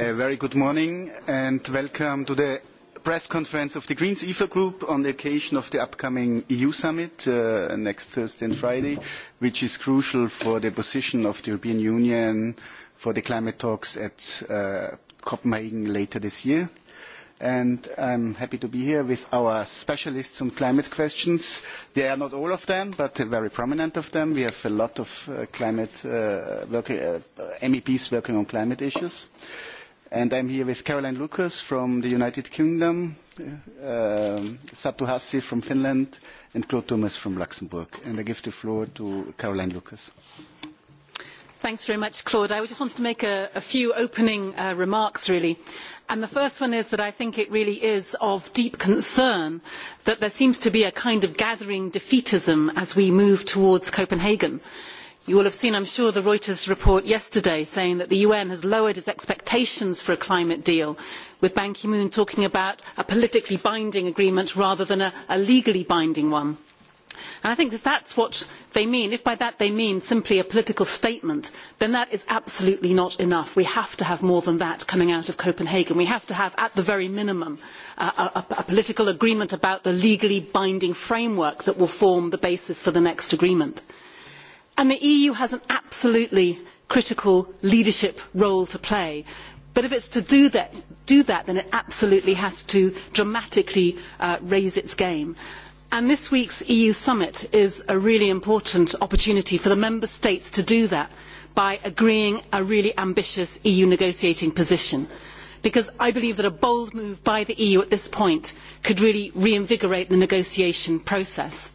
Very good morning and welcome to the press conference of the Greens EFA Group on the occasion of the upcoming EU summit next Thursday and Friday, which is crucial for the position of the European Union for the climate talks at Copenhagen later this year. And am happy to be here with our specialists on climate questions. They are not all of them, but very prominent of them. We have a lot of climate MEPs working on climate issues. And I'm here with Caroline Lucas from the United Kingdom, Satu Hassi from Finland, and Claude Thomas from Luxembourg. And I give the floor to Caroline Lucas. Thanks very much, Claude. I just wanted to make a few opening remarks, really. And the first one is that I think it really is of deep concern that there seems to be a kind of gathering defeatism as we move towards Copenhagen you will have seen i am sure the reuters report yesterday saying that the un has lowered its expectations for a climate deal with ban ki moon talking about a politically binding agreement rather than a legally binding one. i think if that is what they mean if by that they mean simply a political statement then that is absolutely not enough. we have to have more than that coming out of copenhagen. we have to have at the very minimum a political agreement about the legally binding framework that will form the basis for the next agreement and the eu has an absolutely critical leadership role to play but if it is to do that then it absolutely has to dramatically raise its game. this week's eu summit is a really important opportunity for the member states to do that by agreeing a really ambitious eu negotiating position because i believe that a bold move by the eu at this point could really reinvigorate the negotiation process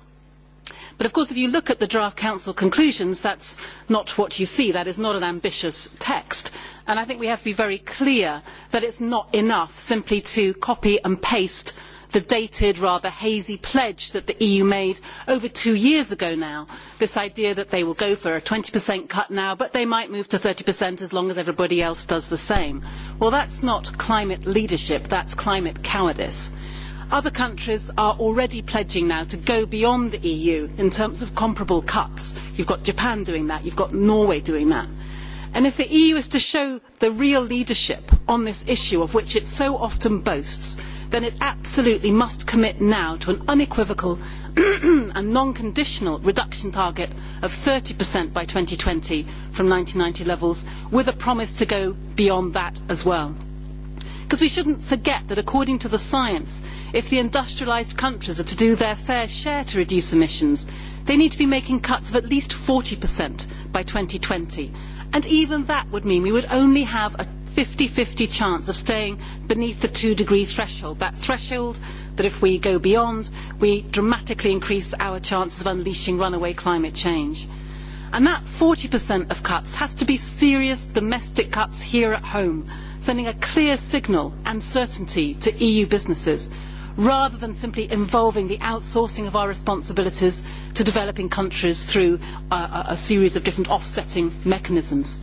But of course, if you look at the draft Council conclusions, that's not what you see. That is not an ambitious text. And I think we have to be very clear that it's not enough simply to copy and paste the dated, rather hazy pledge that the EU made over two years ago now. This idea that they will go for a 20% cut now, but they might move to 30% as long as everybody else does the same. Well, that's not climate leadership. That's climate cowardice. Other countries are already pledging now to go beyond the EU in terms of comparable cuts. You've got Japan doing that, you've got Norway doing that. And if the EU is to show the real leadership on this issue of which it so often boasts, then it absolutely must commit now to an unequivocal and non-conditional reduction target of 30% by 2020 from 1990 levels, with a promise to go beyond that as well. Because we shouldn't forget that according to the science, if the industrialised countries are to do their fair share to reduce emissions, they need to be making cuts of at least 40% by 2020. And even that would mean we would only have a 50-50 chance of staying beneath the two-degree threshold, that threshold that if we go beyond, we dramatically increase our chances of unleashing runaway climate change. And that 40% of cuts has to be serious domestic cuts here at home sending a clear signal and certainty to EU businesses, rather than simply involving the outsourcing of our responsibilities to developing countries through a series of different offsetting mechanisms.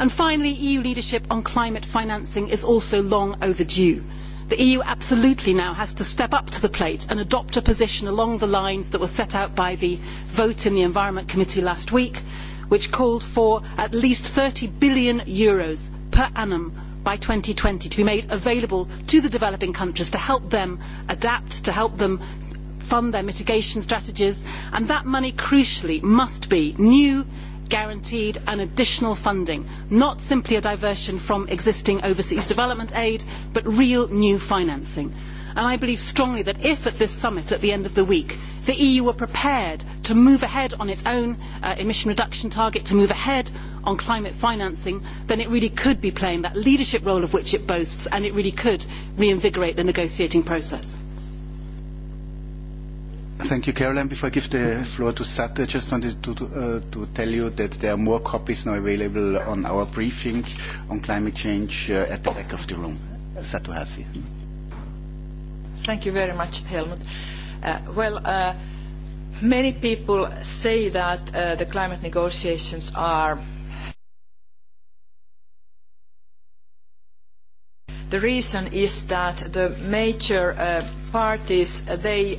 And finally, EU leadership on climate financing is also long overdue. The EU absolutely now has to step up to the plate and adopt a position along the lines that were set out by the vote in the Environment Committee last week, which called for at least 30 billion euros per annum by 2020 to be made available to the developing countries to help them adapt, to help them fund their mitigation strategies, and that money crucially must be new, guaranteed and additional funding, not simply a diversion from existing overseas development aid, but real new financing and I believe strongly that if at this summit at the end of the week the EU were prepared to move ahead on its own emission reduction target, to move ahead on climate financing, then it really could be playing that leadership role of which it boasts and it really could reinvigorate the negotiating process. Thank you, Caroline. Before I give the floor to Sat, I just wanted to tell you that there are more copies now available on our briefing on climate change at the back of the room. Satu Thank you very much, Helmut. Well, many people say that the climate negotiations are The reason is that the major parties, they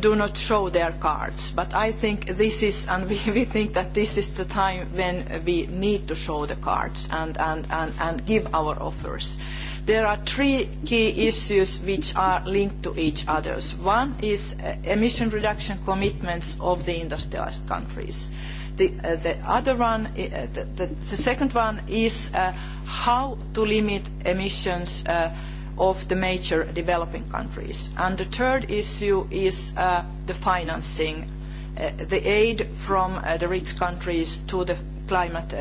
do not show their cards. But I think this is, and we think that this is the time when we need to show the cards and give our offers there are three key issues which are linked to each other. One is emission reduction commitments of the industrialised countries. The the second one is how to limit emissions of the major developing countries. And the third issue is the financing, the aid from the rich countries to the climate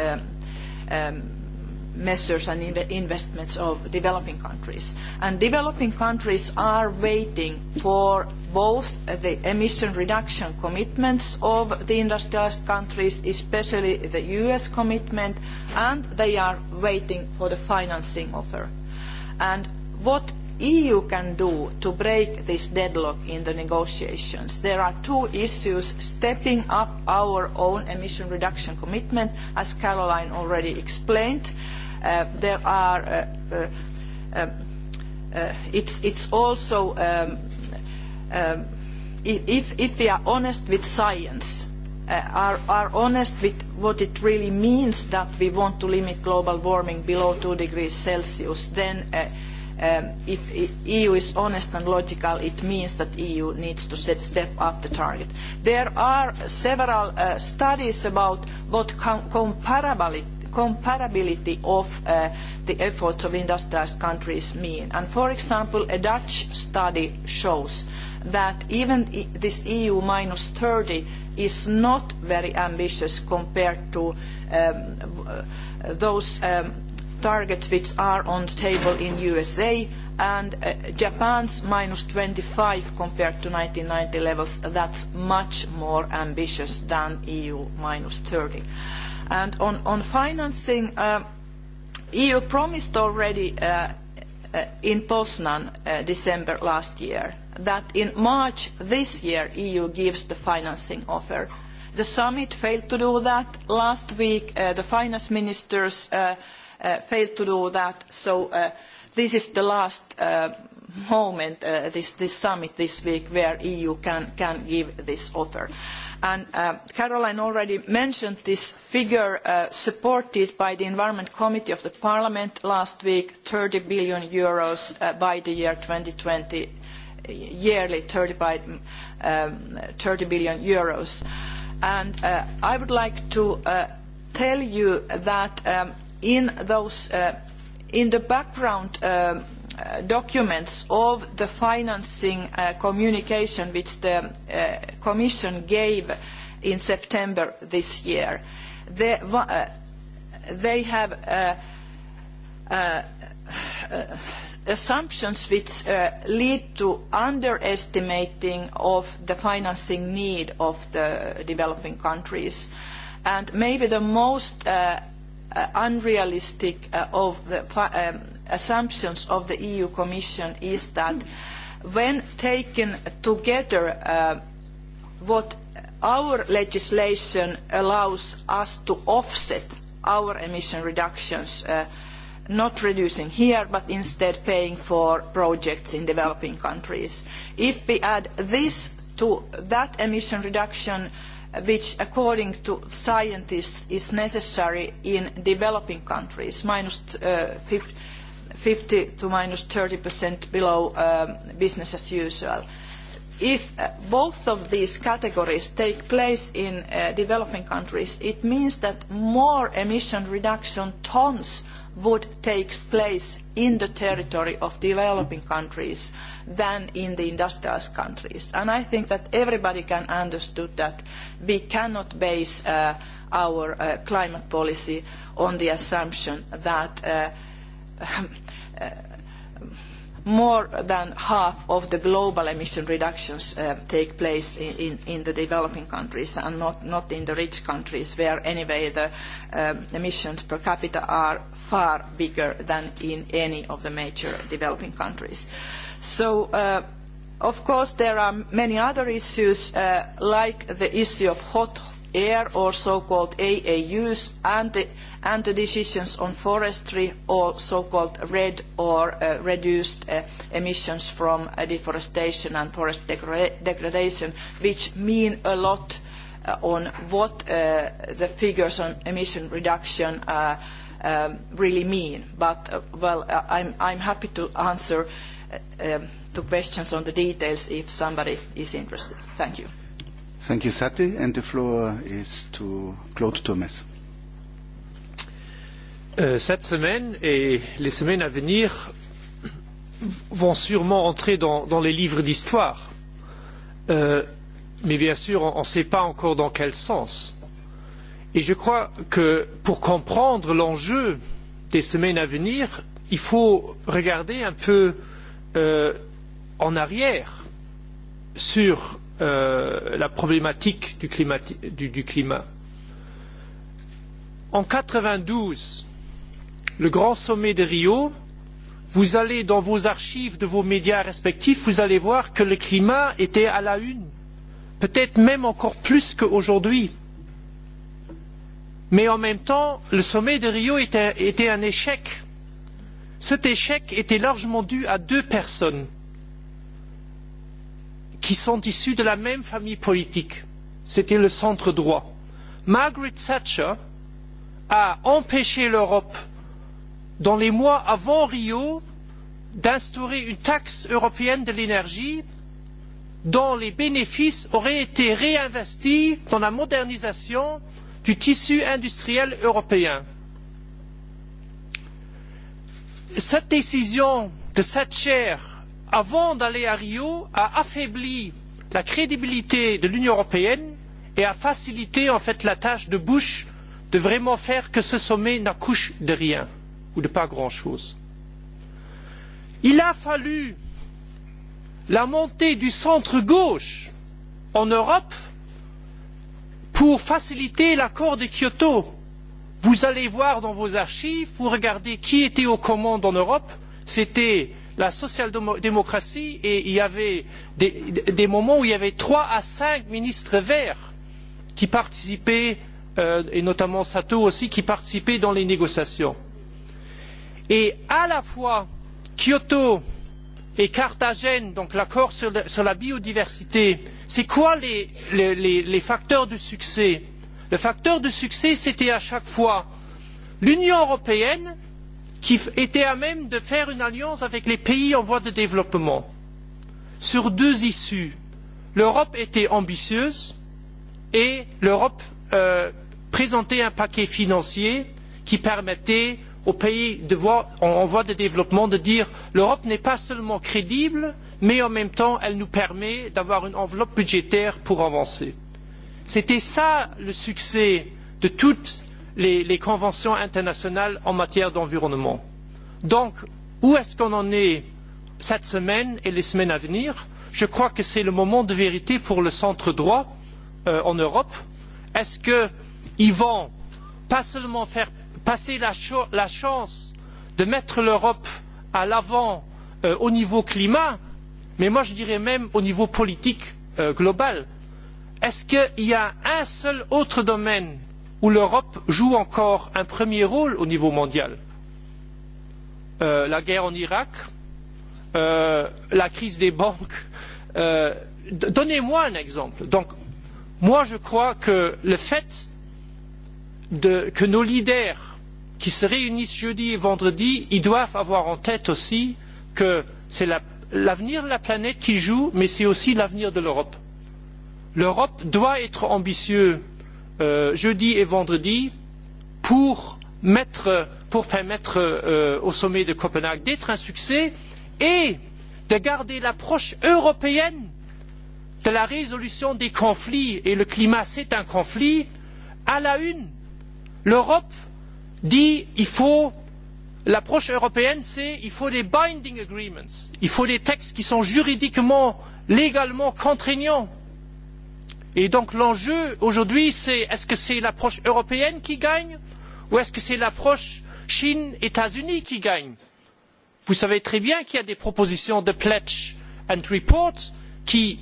measures and investments of developing countries. And developing countries are waiting for both the emission reduction commitments of the industrialised countries, especially the US commitment, and they are waiting for the financing offer. And what EU can do to break this deadlock in the negotiations. There are two issues, stepping up our own emission reduction commitment, as Caroline already explained, there are it's also if we are honest with science are honest with what it really means that we want to limit global warming below 2 degrees celsius then if eu is honest and logical it means that eu needs to step up the target. there are several studies about what comparable comparability of the efforts of industrialised countries mean. And for example, a Dutch study shows that even this EU minus 30 is not very ambitious compared to those targets which are on the table in USA and Japan's minus 25 compared to 1990 levels, that's much more ambitious than EU minus 30. And on financing, EU promised already in Poznan December last year that in March this year EU gives the financing offer. The summit failed to do that. Last week the finance ministers failed to do that. So this is the last moment, this summit this week, where EU can give this offer and caroline already mentioned this figure supported by the environment committee of the parliament last week EUR 30 billion by the year 2020 yearly 30 billion and i would like to tell you that in those in the background documents of the financing communication which the Commission gave in September this year. They have assumptions which lead to underestimating of the financing need of the developing countries. And maybe the most unrealistic of the assumptions of the EU Commission is that when taken together what our legislation allows us to offset our emission reductions not reducing here but instead paying for projects in developing countries. If we add this to that emission reduction which according to scientists is necessary in developing countries, minus 50 to minus 30% below business as usual. If both of these categories take place in developing countries, it means that more emission reduction tons would take place in the territory of developing countries than in the industrialised countries. And I think that everybody can understand that we cannot base our climate policy on the assumption that more than half of the global emission reductions take place in the developing countries and not in the rich countries where anyway the emissions per capita are far bigger than in any of the major developing countries. So of course there are many other issues like the issue of hot air or so called AAUs and the decisions on forestry or so called red or reduced emissions from deforestation and forest degradation, which mean a lot on what the figures on emission reduction really mean. But well I'm happy to answer to questions on the details if somebody is interested. Thank you. Thank you, Sati. And the floor is to Claude Thomas. Cette semaine et les semaines à venir vont sûrement entrer dans les livres d'histoire. Mais bien sûr, on ne sait pas encore dans quel sens. Et je crois que pour comprendre l'enjeu des semaines à venir, il faut regarder un peu en arrière sur la problématique du climat. En 92, le grand sommet de Rio, vous allez dans vos archives de vos médias respectifs, vous allez voir que le climat était à la une, peut-être même encore plus qu'aujourd'hui. Mais en même temps, le sommet de Rio était un échec. Cet échec était largement dû à deux personnes qui sont issus de la même famille politique. C'était le centre droit. Margaret Thatcher a empêché l'Europe, dans les mois avant Rio, d'instaurer une taxe européenne de l'énergie dont les bénéfices auraient été réinvestis dans la modernisation du tissu industriel européen. Cette décision de Thatcher avant d'aller à Rio, a affaibli la crédibilité de l'Union européenne et a facilité en fait la tâche de Bush de vraiment faire que ce sommet n'accouche de rien ou de pas grand-chose. Il a fallu la montée du centre-gauche en Europe pour faciliter l'accord de Kyoto. Vous allez voir dans vos archives, vous regardez qui était aux commandes en Europe, c'était la social démocratie et il y avait des moments où il y avait trois à cinq ministres verts qui participaient et notamment Sato aussi qui participaient dans les négociations. Et à la fois Kyoto et Carthagène, donc l'accord sur la biodiversité, c'est quoi les facteurs de succès? Le facteur de succès, c'était à chaque fois l'Union européenne qui était à même de faire une alliance avec les pays en voie de développement. Sur deux issues, l'Europe était ambitieuse et l'Europe présentait un paquet financier qui permettait aux pays en voie de développement de dire l'Europe n'est pas seulement crédible, mais en même temps elle nous permet d'avoir une enveloppe budgétaire pour avancer. C'était cela le succès de toutes les conventions internationales en matière d'environnement. donc où est ce qu'on en est cette semaine et les semaines à venir? je crois que c'est le moment de vérité pour le centre droit en europe. est ce qu'ils vont pas seulement faire passer la chance de mettre l'europe à l'avant au niveau climat mais moi je dirais même au niveau politique global? est ce qu'il y a un seul autre domaine où l'Europe joue encore un premier rôle au niveau mondial. La guerre en Irak, la crise des banques. Donnez-moi un exemple. Donc, moi je crois que le fait que nos leaders qui se réunissent jeudi et vendredi, ils doivent avoir en tête aussi que c'est l'avenir de la planète qui joue, mais c'est aussi l'avenir de l'Europe. L'Europe doit être ambitieuse jeudi et vendredi pour permettre au sommet de Copenhague d'être un succès et de garder l'approche européenne de la résolution des conflits et le climat c'est un conflit à la une. L'Europe dit il faut l'approche européenne c'est il faut des binding agreements, il faut des textes qui sont juridiquement, légalement contraignants Et donc l'enjeu aujourd'hui, c'est est-ce que c'est l'approche européenne qui gagne ou est-ce que c'est l'approche Chine-États-Unis qui gagne Vous savez très bien qu'il y a des propositions de pledge and report qui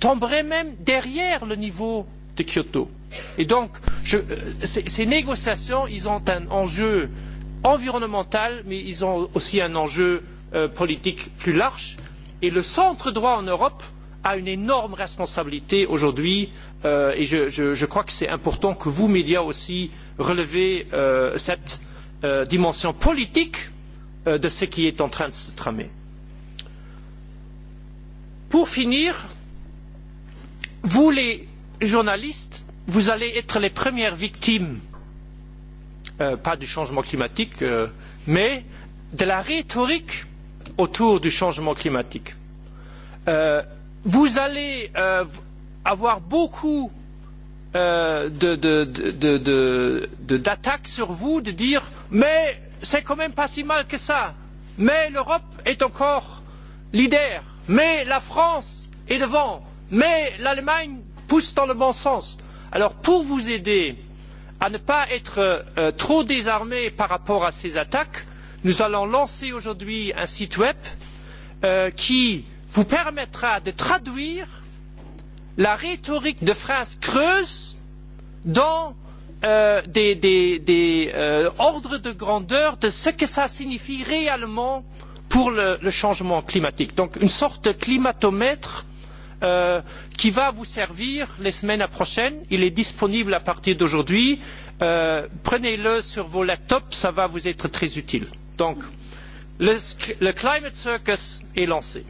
tomberaient même derrière le niveau de Kyoto. Et donc ces négociations, ont un enjeu environnemental, mais ils ont aussi un enjeu politique plus large. Et le centre droit en Europe a une énorme responsabilité aujourd'hui et je crois que c'est important que vous, médias aussi, relevez cette dimension politique de ce qui est en train de se tramer. Pour finir, vous les journalistes, vous allez être les premières victimes, pas du changement climatique, mais de la rhétorique autour du changement climatique vous allez avoir beaucoup d'attaques sur vous de dire mais c'est quand même pas si mal que ça mais l'europe est encore leader mais la france est devant mais l'allemagne pousse dans le bon sens. alors pour vous aider à ne pas être trop désarmé par rapport à ces attaques nous allons lancer aujourd'hui un site web qui vous permettra de traduire la rhétorique de phrases creuses dans des ordres de grandeur de ce que cela signifie réellement pour le changement climatique. Donc une sorte de climatomètre qui va vous servir les semaines prochaines. Il est disponible à partir d'aujourd'hui. Prenez-le sur vos laptops, ça va vous être très utile. Donc, le Climate Circus est lancé.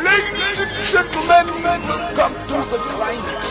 Ladies and gentlemen, welcome to the climate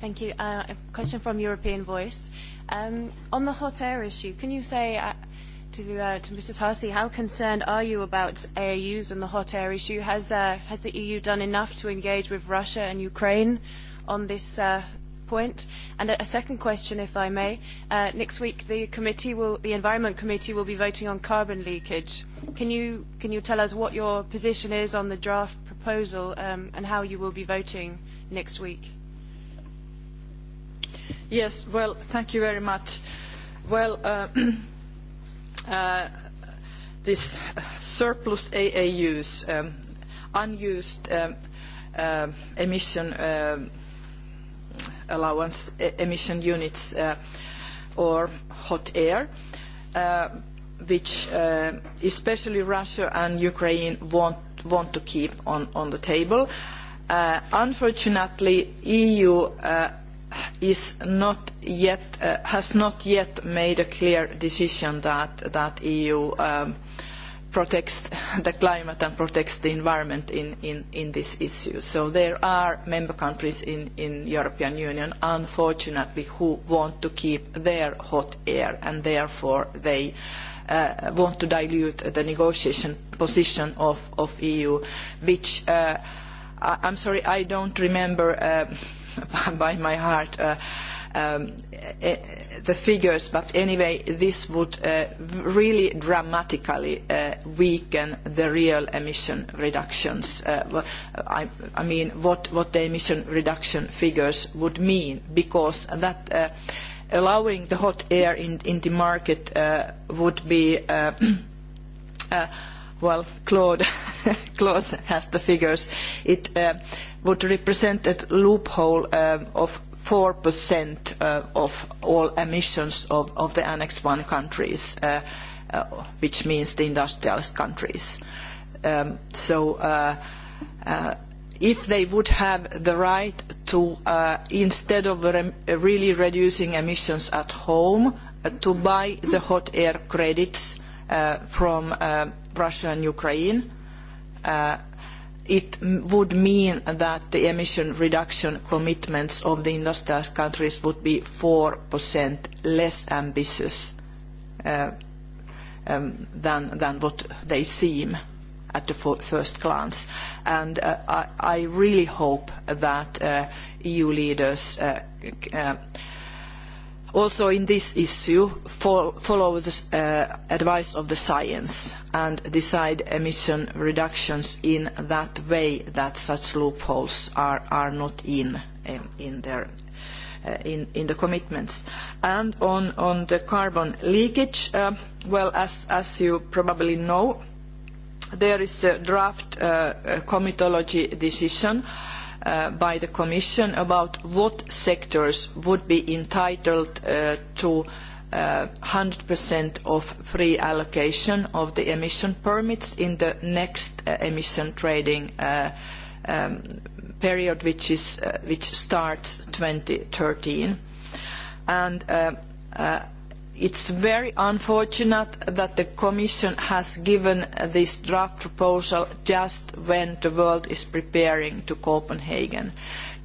thank you. A question from European Voice. On the hot air issue, can you say to Mrs. Tarsi, how concerned are you about AAUs and the hot air issue? Has the EU done enough to engage with Russia and Ukraine on this point? And a second question, if I may. Next week, the Environment Committee will be voting on carbon leakage. Can you tell us what your position is on the draft proposal and how you will be voting next week? Yes, well, thank you very much. Well, this surplus AAUs, unused emission allowance, emission units or hot air, which especially Russia and Ukraine want to keep on the table. Unfortunately, EU is not has not yet made a clear decision that EU protects the climate and protects the environment in this issue. So there are member countries in the European Union, unfortunately, who want to keep their hot air and therefore they want to dilute the negotiation position of EU, which I'm sorry, I don't remember by my heart the figures, but anyway, this would really dramatically weaken the real emission reductions. I mean, what the emission reduction figures would mean, because that allowing the hot air in the market would be, well, Claude clause has the figures, it would represent a loophole of 4% of all emissions of the Annex I countries, which means the industrialist countries. So if they would have the right to, instead of really reducing emissions at home, to buy the hot air credits from Russia and Ukraine, it would mean that the emission reduction commitments of the industrial countries would be 4% less ambitious than what they seem at the first glance. And I really hope that EU leaders also in this issue follow the advice of the science and decide emission reductions in that way that such loopholes are not in the commitments. And on the carbon leakage, well, as you probably know, there is a draft comitology decision by the Commission about what sectors would be entitled to 100% of free allocation of the emission permits in the next emission trading period which starts 2013. And is very unfortunate that the Commission has given this draft proposal just when the world is preparing to Copenhagen,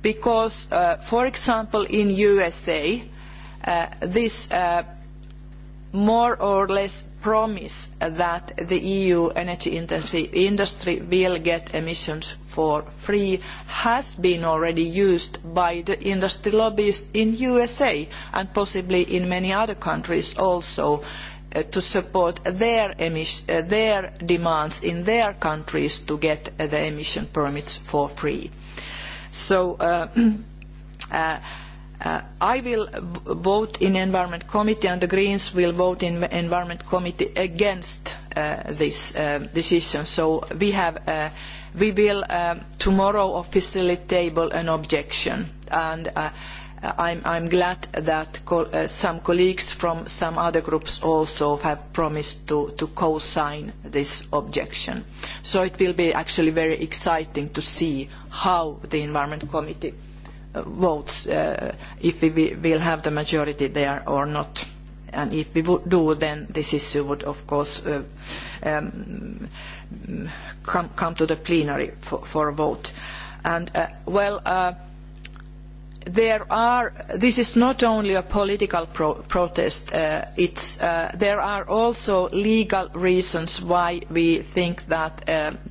because, for example, in USA, this more or less promise that the EU energy intensive industry will get emissions for free has been already used by the industry lobbyists in USA and possibly in many other countries also to support their demands in their countries to get the emission permits for free. So I will vote in the Environment Committee and the Greens will vote in the Environment Committee against this decision. So we we will tomorrow officially table an objection. And I'm glad that some colleagues from some other groups also have promised to co-sign this objection. So it will be actually very exciting to see how the Environment Committee votes if we will have the majority there or not. And if we do, then this issue would, of course, come to the plenary for a vote. And, well, this is not only a political protest there are also legal reasons why we think that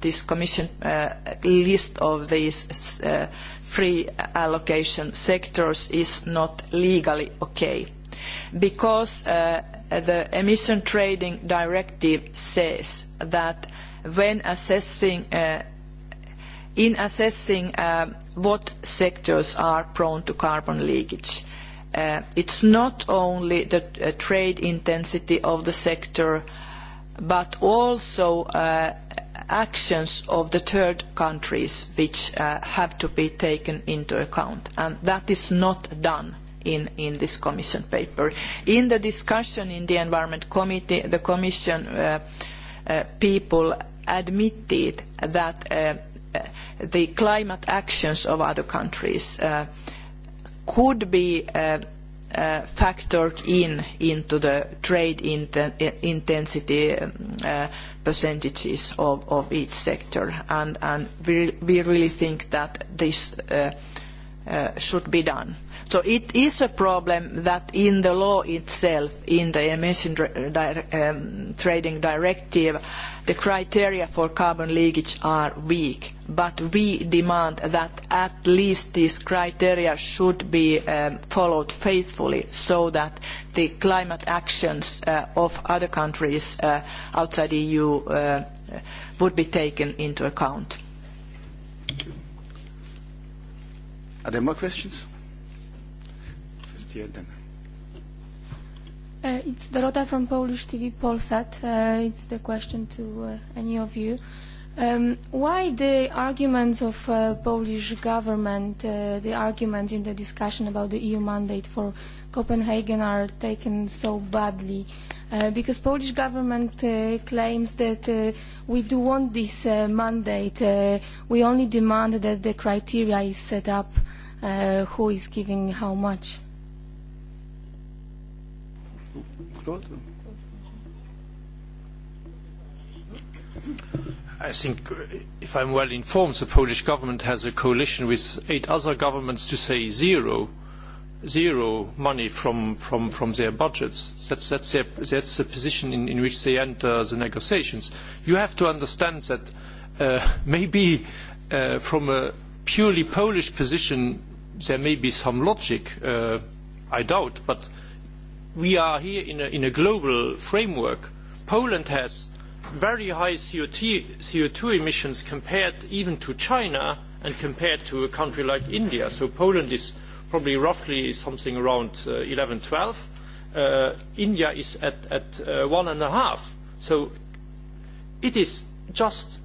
this commission list of these free allocation sectors is not legally okay because the emission trading directive says that when assessing in assessing what sectors are prone to carbon leakage. It's not only the trade intensity of the sector, but also actions of the third countries which have to be taken into account. And that is not done in this Commission paper. In the discussion in the Environment Committee, the Commission people admitted that the climate actions of other countries could be factored in into the trade intensity percentages of each sector and we really think that this should be done. So it is a problem that in the law itself, in the emission trading directive, the criteria for carbon leakage are weak. But we demand that at least these criteria should be followed faithfully so that the climate actions of other countries outside the EU would be taken into account. Are there more questions? It's Dorota from Polish TV Polsat. It's the question to any of you. Why the arguments of Polish government, the arguments in the discussion about the EU mandate for Copenhagen are taken so badly? Because Polish government claims that we do want this mandate. We only demand that the criteria is set up, who is giving how much. I think, if I'm well informed, the Polish government has a coalition with eight other governments to say zero, zero money from from their budgets. That's that's that's the position in which they enter the negotiations. You have to understand that maybe from a purely Polish position there may be some logic, I doubt, but we are here in a global framework. Poland has very high CO2 emissions compared even to China and compared to a country like India. So Poland is probably roughly something around 11, 12. India is at one and a half. So it is just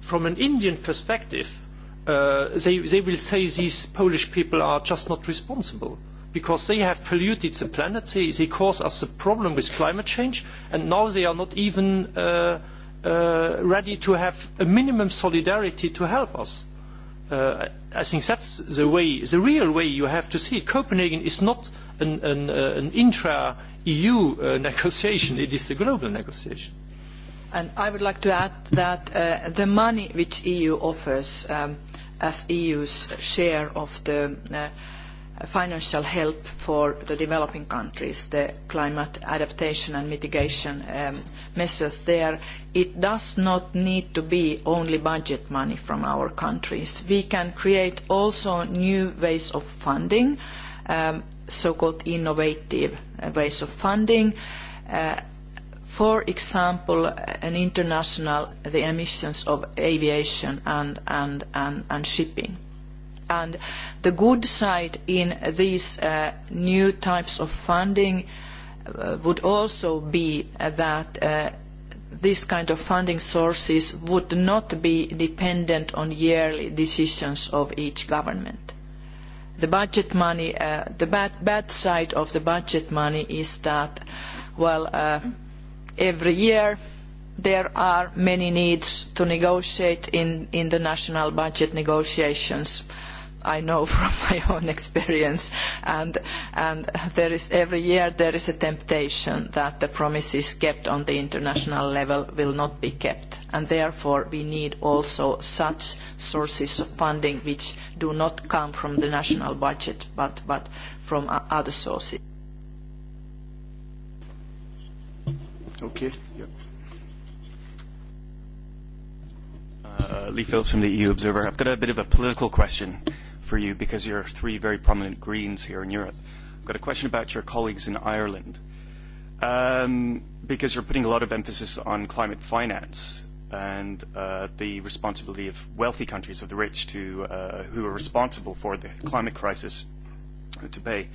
from an Indian perspective, they will say these Polish people are just not responsible because they have polluted the planet, they cause us a problem with climate change, and now they are not even ready to have a minimum solidarity to help us. I think that's the way, the real way you have to see it. Copenhagen is not an intra-EU negotiation, it is a global negotiation. And I would like to add that the money which EU offers as EU's share of the financial help for the developing countries, the climate adaptation and mitigation measures there. It does not need to be only budget money from our countries. We can create also new ways of funding, so-called innovative ways of funding. For example, an international, the emissions of aviation and shipping And the good side in these new types of funding would also be that these kind of funding sources would not be dependent on yearly decisions of each government. The budget money, the bad side of the budget money is that, well, every year there are many needs to negotiate in the national budget negotiations I know from my own experience, and there is every year there is a temptation that the promises kept on the international level will not be kept, and therefore we need also such sources of funding which do not come from the national budget but from other sources. Okay. Lee Phillips from the EU Observer. I've got a bit of a political question for you because you're three very prominent Greens here in Europe. I've got a question about your colleagues in Ireland because you're putting a lot of emphasis on climate finance and the responsibility of wealthy countries, of the rich, to who are responsible for the climate crisis to pay.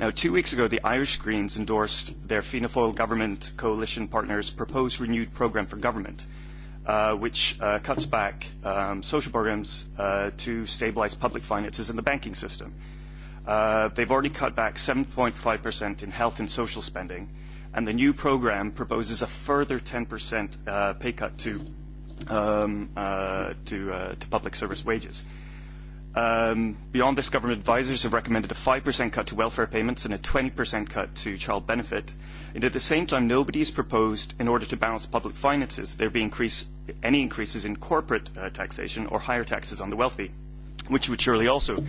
Now, two weeks ago, the Irish Greens endorsed their Fianna Fáil government coalition partners' proposed renewed programme for government which cuts back social programs to stabilize public finances in the banking system. They've already cut back 7.5% in health and social spending, and the new program proposes a further 10% pay cut to public service wages. Beyond this, government advisers have recommended a 5% cut to welfare payments and a 20% cut to child benefit. And at the same time, nobody has proposed, in order to balance public finances, there be any increases in corporate taxation or higher taxes on the wealthy, which would surely also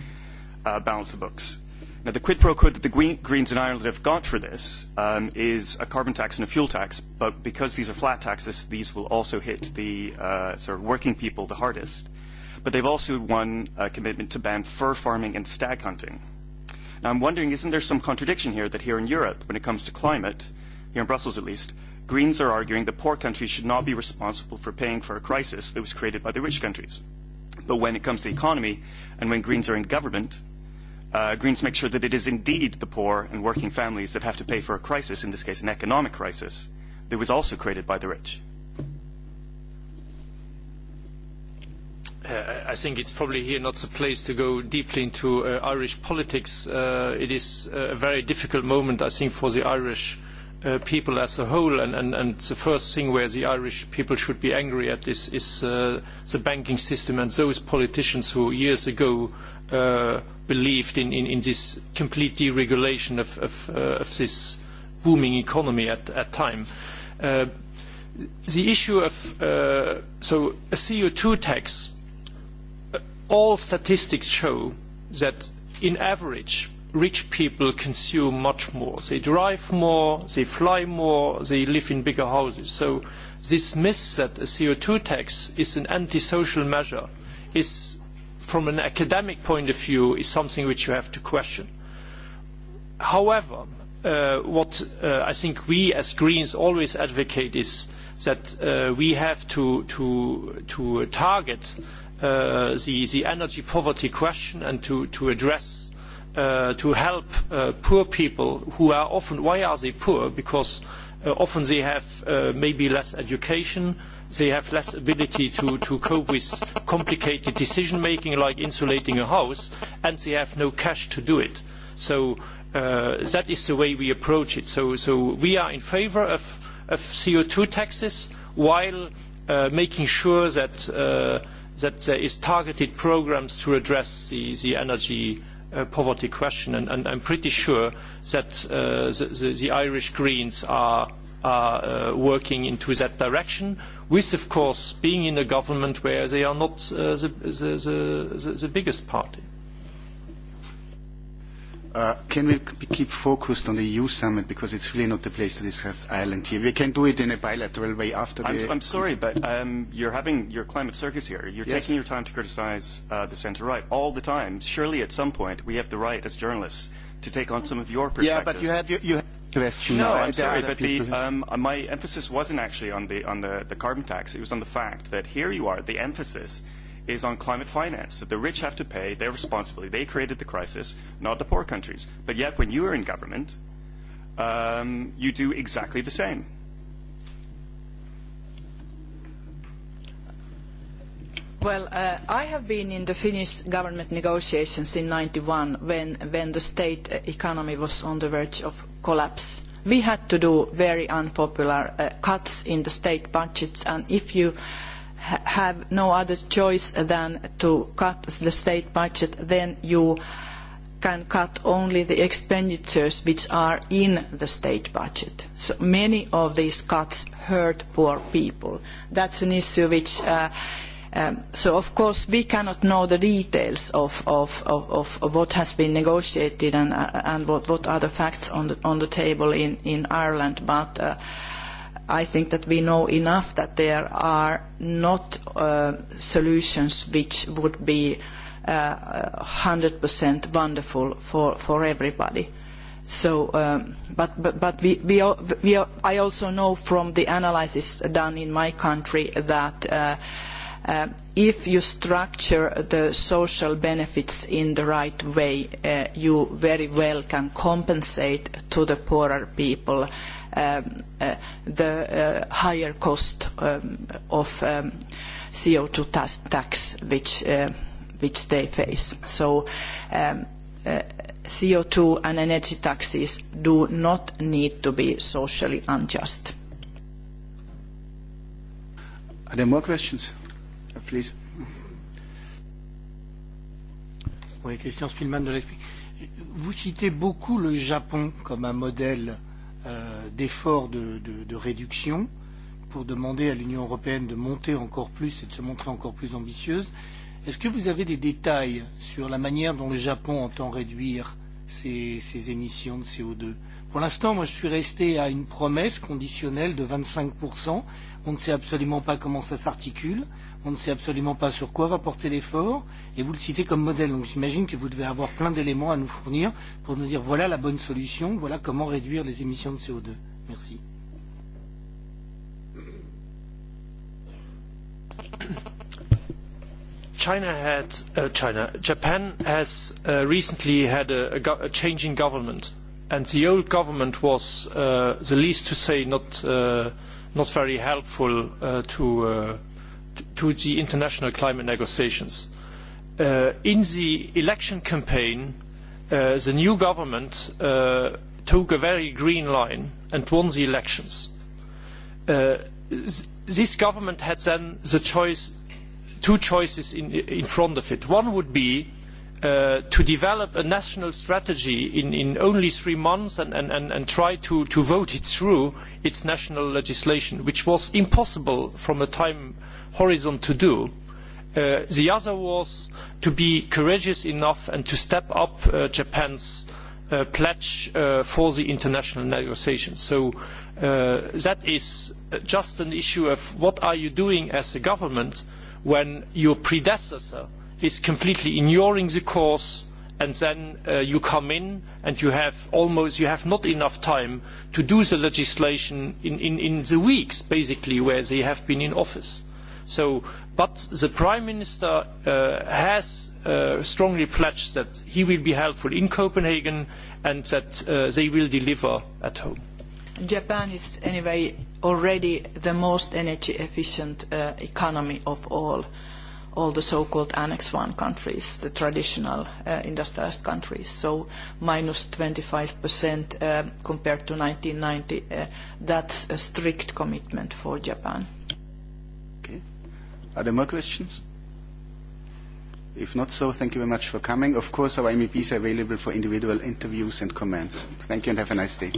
balance the books. Now, the quid pro quo that the Greens in Ireland have got for this is a carbon tax and a fuel tax, but because these are flat taxes, these will also hit the sort of working people the hardest but they've also won a commitment to ban fur farming and stag hunting. Now, I'm wondering, isn't there some contradiction here that here in Europe, when it comes to climate, here in Brussels at least, Greens are arguing that poor countries should not be responsible for paying for a crisis that was created by the rich countries. But when it comes to the economy and when Greens are in government, Greens make sure that it is indeed the poor and working families that have to pay for a crisis, in this case an economic crisis, that was also created by the rich. I think it's probably here not the place to go deeply into Irish politics. It is a very difficult moment, I think, for the Irish people as a whole, and the first thing where the Irish people should be angry at is the banking system and those politicians who years ago believed in this complete deregulation of this booming economy at time. The issue of so a CO2 tax all statistics show that on average rich people consume much more they drive more they fly more they live in bigger houses so this myth that a co2 tax is an antisocial measure is from an academic point of view is something which you have to question however what i think we as greens always advocate is that we have to target the energy poverty question and to address to help poor people who are often why are they poor because often they have maybe less education they have less ability to cope with complicated decision making like insulating a house and they have no cash to do it so that is the way we approach it so we are in favour of co2 taxes while making sure that that there is targeted programmes to address the energy poverty question, and I'm pretty sure that the Irish Greens are working into that direction, with, of course, being in a government where they are not the biggest party. Can we keep focused on the EU summit because it's really not the place to discuss Ireland here. We can do it in a bilateral way after the. I'm sorry, but you're having your climate circus here. You're taking your time to criticise the centre right all the time. Surely at some point we have the right as journalists to take on some of your perspectives. Yeah, but you had question. No, I'm sorry, but my emphasis wasn't actually on the on the carbon tax. It was on the fact that here you are. The emphasis is on climate finance, that the rich have to pay their responsibility. They created the crisis, not the poor countries. But yet, when you are in government, you do exactly the same. Well, I have been in the Finnish government negotiations in 91 when the state economy was on the verge of collapse. We had to do very unpopular cuts in the state budgets, and if you have no other choice than to cut the state budget, then you can cut only the expenditures which are in the state budget. So many of these cuts hurt poor people. That's an issue which so of course we cannot know the details of what has been negotiated and what are the facts on the table in Ireland, but I think that we know enough that there are not solutions which would be 100% wonderful for everybody. But I also know from the analysis done in my country that if you structure the social benefits in the right way, you very well can compensate to the poorer people the higher cost of CO2 tax which they face. So CO2 and energy taxes do not need to be socially unjust. Are there more questions? Please. Oui, Christian Spielmann de l'EFI. Vous citez beaucoup le Japon comme un modèle d'efforts de réduction pour demander à l'Union européenne de monter encore plus et de se montrer encore plus ambitieuse. Est-ce que vous avez des détails sur la manière dont le Japon entend réduire ses émissions de CO2 Pour l'instant, moi, je suis resté à une promesse conditionnelle de 25%. On ne sait absolument pas comment ça s'articule. On ne sait absolument pas sur quoi va porter l'effort. Et vous le citez comme modèle. Donc, j'imagine que vous devez avoir plein d'éléments à nous fournir pour nous dire voilà la bonne solution, voilà comment réduire les émissions de CO2. Merci. China had, China, Japan has recently had a change in government and the old government was the least to say not very helpful to the international climate negotiations. In the election campaign, the new government took a very green line and won the elections. This government had then the choice, two choices in front of it. One would be to develop a national strategy in only three months and try to vote it through its national legislation, which was impossible from a time horizon to do. The other was to be courageous enough and to step up Japan's pledge for the international negotiations. So that is just an issue of what are you doing as a government when your predecessor is completely ignoring the course and then you come in and you have almost you have not enough time to do the legislation in the weeks basically where they have been in office. So but the Prime Minister has strongly pledged that he will be helpful in Copenhagen and that they will deliver at home. Japan is anyway already the most energy efficient economy of all all the so-called Annex I countries, the traditional industrialized countries, so minus 25% compared to 1990. That's a strict commitment for Japan. Okay. Are there more questions? If not so, thank you very much for coming. Of course, our MEPs are available for individual interviews and comments. Thank you and have a nice day.